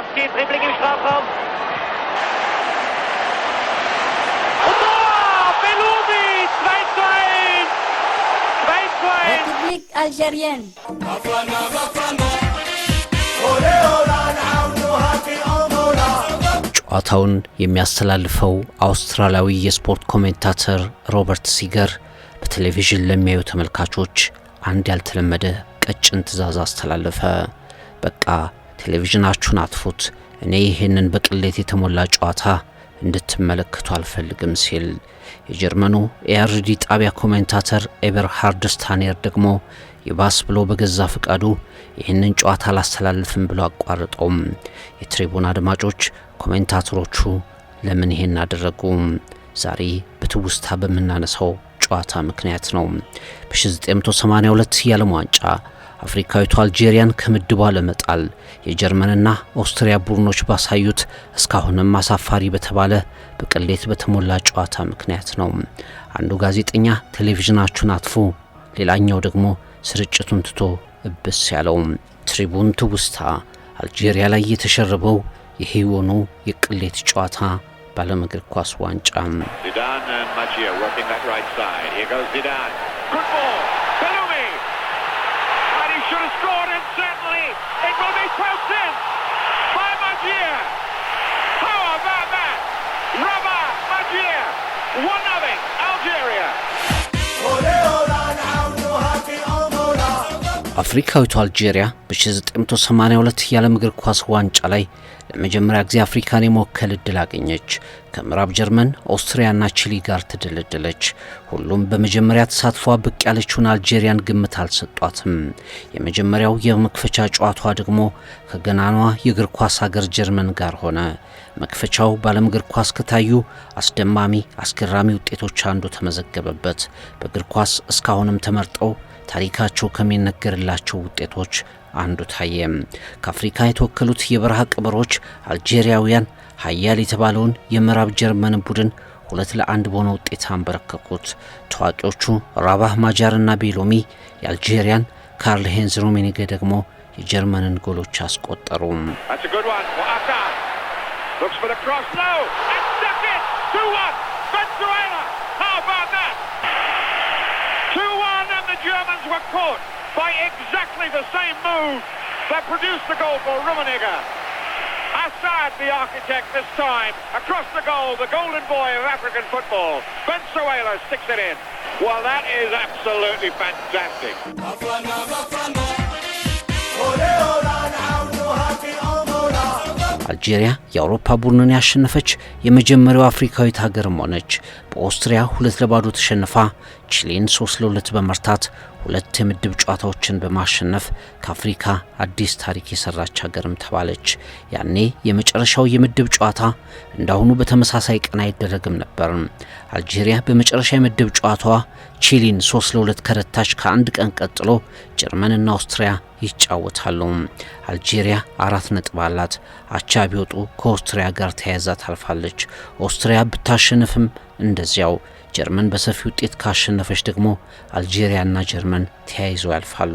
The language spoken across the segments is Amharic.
Kolarski, Dribbling im Strafraum. Und Tor! Belubi, 2 zu 1! 2 zu 1! Republik Algerien. ጨዋታውን የሚያስተላልፈው አውስትራሊያዊ የስፖርት ኮሜንታተር ሮበርት ሲገር በቴሌቪዥን ለሚያዩ ተመልካቾች አንድ ያልተለመደ ቀጭን ትዕዛዝ አስተላለፈ። በቃ ቴሌቪዥናችሁን አጥፉት፣ እኔ ይህንን በቅሌት የተሞላ ጨዋታ እንድትመለከቱ አልፈልግም ሲል የጀርመኑ ኤአርዲ ጣቢያ ኮሜንታተር ኤቨርሃርድ ስታኔር ደግሞ ይባስ ብሎ በገዛ ፍቃዱ ይህንን ጨዋታ አላስተላልፍም ብሎ አቋርጠውም። የትሪቡን አድማጮች ኮሜንታተሮቹ ለምን ይሄን አደረጉ? ዛሬ በትውስታ በምናነሳው ጨዋታ ምክንያት ነው። በ1982 የዓለም ዋንጫ አፍሪካዊቱ አልጄሪያን ከምድቧ ለመጣል የጀርመንና ኦስትሪያ ቡድኖች ባሳዩት እስካሁንም አሳፋሪ በተባለ በቅሌት በተሞላ ጨዋታ ምክንያት ነው። አንዱ ጋዜጠኛ ቴሌቪዥናችሁን አጥፉ፣ ሌላኛው ደግሞ ስርጭቱን ትቶ እብስ ያለው። ትሪቡን ትውስታ አልጄሪያ ላይ የተሸረበው የህይወኑ የቅሌት ጨዋታ ባለም እግር ኳስ ዋንጫ scored, and certainly it will be poked in by Magier. How about that? Rubber Magier. One አፍሪካዊቱ አልጄሪያ በ1982 የዓለም እግር ኳስ ዋንጫ ላይ ለመጀመሪያ ጊዜ አፍሪካን የመወከል እድል አገኘች። ከምዕራብ ጀርመን፣ ኦስትሪያና ቺሊ ጋር ትደለደለች ሁሉም በመጀመሪያ ተሳትፏ ብቅ ያለችውን አልጄሪያን ግምት አልሰጧትም። የመጀመሪያው የመክፈቻ ጨዋቷ ደግሞ ከገናኗ የእግር ኳስ ሀገር ጀርመን ጋር ሆነ። መክፈቻው በዓለም እግር ኳስ ከታዩ አስደማሚ፣ አስገራሚ ውጤቶች አንዱ ተመዘገበበት። በእግር ኳስ እስካሁንም ተመርጠው ታሪካቸው ከሚነገርላቸው ውጤቶች አንዱ ታየ። ከአፍሪካ የተወከሉት የበረሃ ቀበሮች አልጄሪያውያን ሀያል የተባለውን የምዕራብ ጀርመን ቡድን ሁለት ለአንድ በሆነ ውጤት አንበረከኩት። ታዋቂዎቹ ራባህ ማጃርና ቤሎሚ የአልጄሪያን፣ ካርል ሄንዝ ሩሜኒገ ደግሞ የጀርመንን ጎሎች አስቆጠሩ። looks for the cross. And stuck it! 2 1! Venezuela! How about that? Germans were caught by exactly the same move that produced the goal for Rummenigge. Assad, the architect this time, across the goal, the golden boy of African football. Bensuela sticks it in. Well, that is absolutely fantastic. አልጄሪያ የአውሮፓ ቡድንን ያሸነፈች የመጀመሪያው አፍሪካዊት ሀገርም ሆነች። በኦስትሪያ ሁለት ለባዶ ተሸንፋ ቺሌን ሶስት ለሁለት በመርታት ሁለት የምድብ ጨዋታዎችን በማሸነፍ ከአፍሪካ አዲስ ታሪክ የሰራች ሀገርም ተባለች። ያኔ የመጨረሻው የምድብ ጨዋታ እንዳሁኑ በተመሳሳይ ቀን አይደረግም ነበር። አልጄሪያ በመጨረሻ የምድብ ጨዋታዋ ቺሊን ሶስት ለሁለት ከረታች ከአንድ ቀን ቀጥሎ ጀርመንና ኦስትሪያ ይጫወታሉ። አልጄሪያ አራት ነጥብ አላት። አቻ ቢወጡ ከኦስትሪያ ጋር ተያይዛ ታልፋለች። ኦስትሪያ ብታሸንፍም እንደዚያው ጀርመን በሰፊ ውጤት ካሸነፈች ደግሞ አልጄሪያና ጀርመን ተያይዘው ያልፋሉ።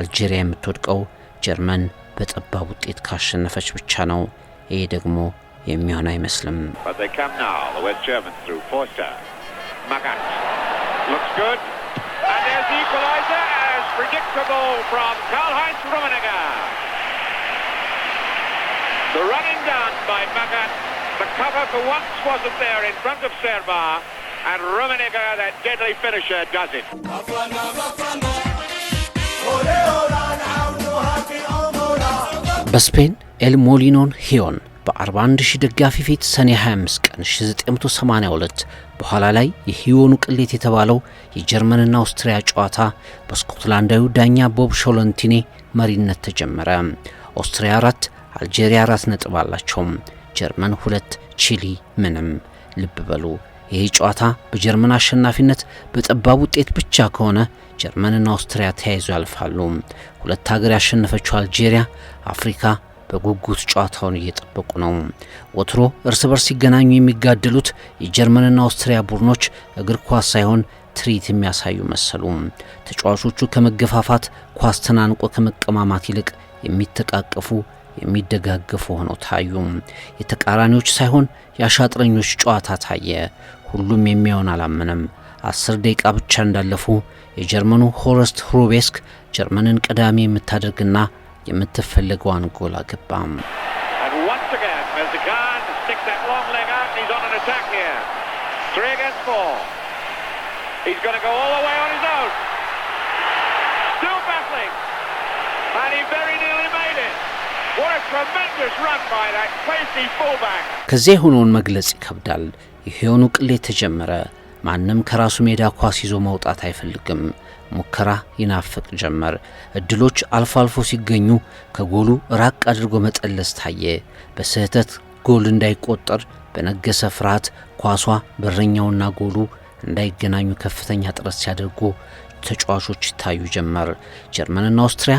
አልጄሪያ የምትወድቀው ጀርመን በጠባብ ውጤት ካሸነፈች ብቻ ነው። ይሄ ደግሞ የሚሆን አይመስልም። The running down by Magat, the cover for once wasn't there in front of Serba. And Rummenigge, that deadly finisher, does it. በስፔን El Molinon Hion. በ41 ሺህ ደጋፊ ፊት ሰኔ 25 ቀን 1982 በኋላ ላይ የሂዮኑ ቅሌት የተባለው የጀርመንና ኦስትሪያ ጨዋታ በስኮትላንዳዊ ዳኛ ቦብ ሾለንቲኔ መሪነት ተጀመረ። ኦስትሪያ 4 አልጄሪያ 4 ነጥብ አላቸው። ጀርመን 2 ቺሊ ምንም። ልብ በሉ ይህ ጨዋታ በጀርመን አሸናፊነት በጠባብ ውጤት ብቻ ከሆነ ጀርመንና አውስትሪያ ተያይዞ ያልፋሉ። ሁለት ሀገር ያሸነፈችው አልጄሪያ አፍሪካ በጉጉት ጨዋታውን እየጠበቁ ነው። ወትሮ እርስ በርስ ሲገናኙ የሚጋደሉት የጀርመንና አውስትሪያ ቡድኖች እግር ኳስ ሳይሆን ትርኢት የሚያሳዩ መሰሉ። ተጫዋቾቹ ከመገፋፋት ኳስ ተናንቆ ከመቀማማት ይልቅ የሚተቃቀፉ የሚደጋገፉ ሆነው ታዩ። የተቃራኒዎች ሳይሆን የአሻጥረኞች ጨዋታ ታየ። ሁሉም የሚያውን አላመነም። አስር ደቂቃ ብቻ እንዳለፉ የጀርመኑ ሆረስት ሩቤስክ ጀርመንን ቀዳሚ የምታደርግና የምትፈልገዋን ጎል አገባም። He's going to go all the way on his own. ከዚያ የሆነውን መግለጽ ይከብዳል። የሕይወኑ ቅሌት ተጀመረ። ማንም ከራሱ ሜዳ ኳስ ይዞ መውጣት አይፈልግም። ሙከራ ይናፍቅ ጀመር። እድሎች አልፎ አልፎ ሲገኙ ከጎሉ ራቅ አድርጎ መጠለስ ታየ። በስህተት ጎል እንዳይቆጠር በነገሰ ፍርሃት ኳሷ በረኛውና ጎሉ እንዳይገናኙ ከፍተኛ ጥረት ሲያደርጉ ተጫዋቾች ይታዩ ጀመር። ጀርመንና አውስትሪያ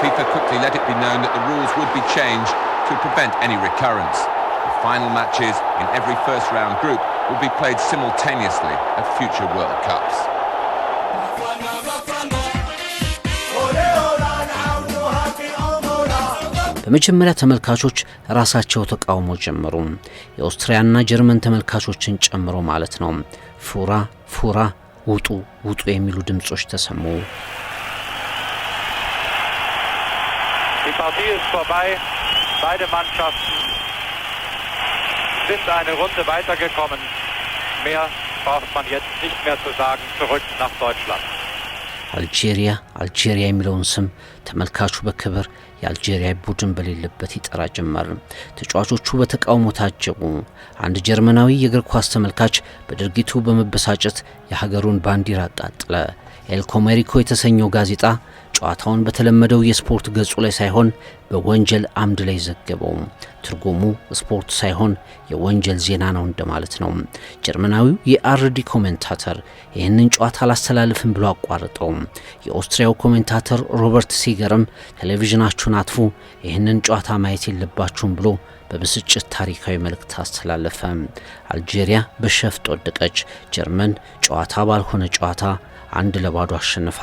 FIFA quickly let it be known that the rules would be changed to prevent any recurrence. The final matches in every first-round group will be played simultaneously at future World Cups. በመጀመሪያ ተመልካቾች ራሳቸው ተቃውሞ ጀመሩ። የኦስትሪያና ጀርመን ተመልካቾችን ጨምሮ ማለት ነው። ፉራ ፉራ፣ ውጡ ውጡ የሚሉ ድምጾች ተሰሙ። Die Partie ist vorbei. Beide Mannschaften sind eine Runde weitergekommen. Mehr braucht man jetzt nicht mehr zu sagen. Zurück nach Deutschland. አልጄሪያ አልጄሪያ የሚለውን ስም ተመልካቹ በክብር የአልጄሪያ ቡድን በሌለበት ይጠራ ጀመር። ተጫዋቾቹ በተቃውሞ ታጀቡ። አንድ ጀርመናዊ የእግር ኳስ ተመልካች በድርጊቱ በመበሳጨት የሀገሩን ባንዲራ አቃጠለ። ኤልኮሜሪኮ የተሰኘው ጋዜጣ ጨዋታውን በተለመደው የስፖርት ገጹ ላይ ሳይሆን በወንጀል አምድ ላይ ዘገበው። ትርጉሙ ስፖርት ሳይሆን የወንጀል ዜና ነው እንደማለት ነው። ጀርመናዊው የአርዲ ኮሜንታተር ይህንን ጨዋታ አላስተላልፍም ብሎ አቋርጠው። የኦስትሪያው ኮሜንታተር ሮበርት ሲገርም ቴሌቪዥናችሁን አጥፉ፣ ይህንን ጨዋታ ማየት የለባችሁም ብሎ በብስጭት ታሪካዊ መልእክት አስተላለፈ። አልጄሪያ በሸፍጥ ወደቀች። ጀርመን ጨዋታ ባልሆነ ጨዋታ አንድ ለባዶ አሸንፋ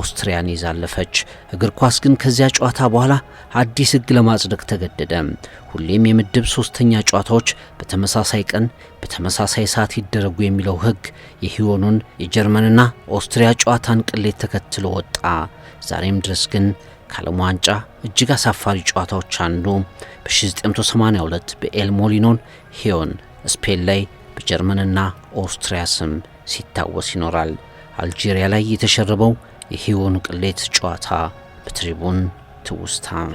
ኦስትሪያን ይዛለፈች። እግር ኳስ ግን ከዚያ ጨዋታ በኋላ አዲስ ሕግ ለማጽደቅ ተገደደ። ሁሌም የምድብ ሶስተኛ ጨዋታዎች በተመሳሳይ ቀን በተመሳሳይ ሰዓት ይደረጉ የሚለው ሕግ የሂዮኑን የጀርመንና ኦስትሪያ ጨዋታን ቅሌት ተከትሎ ወጣ። ዛሬም ድረስ ግን ከዓለም ዋንጫ እጅግ አሳፋሪ ጨዋታዎች አንዱ በ1982 በኤል ሞሊኖን ሂዮን ስፔን ላይ በጀርመንና ኦስትሪያ ስም ሲታወስ ይኖራል። አልጄሪያ ላይ የተሸረበው የሂዮን ቅሌት ጨዋታ በትሪቡን ትውስታ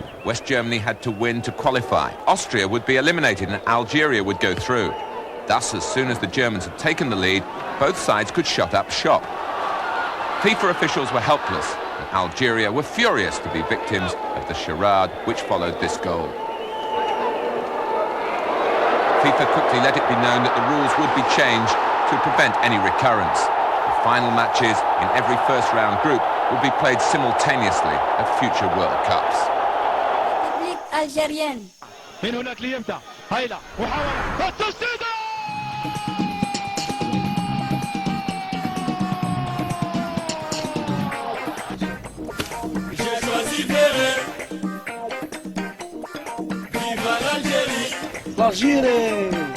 ፊፋ ኦፊሻልስ were helpless. Algeria were furious to be victims of the charade which followed this goal. FIFA quickly let it be known that the rules would be changed to prevent any recurrence. The final matches in every first-round group will be played simultaneously at future World Cups. الجزائر الجزائريين هناك Jorginho!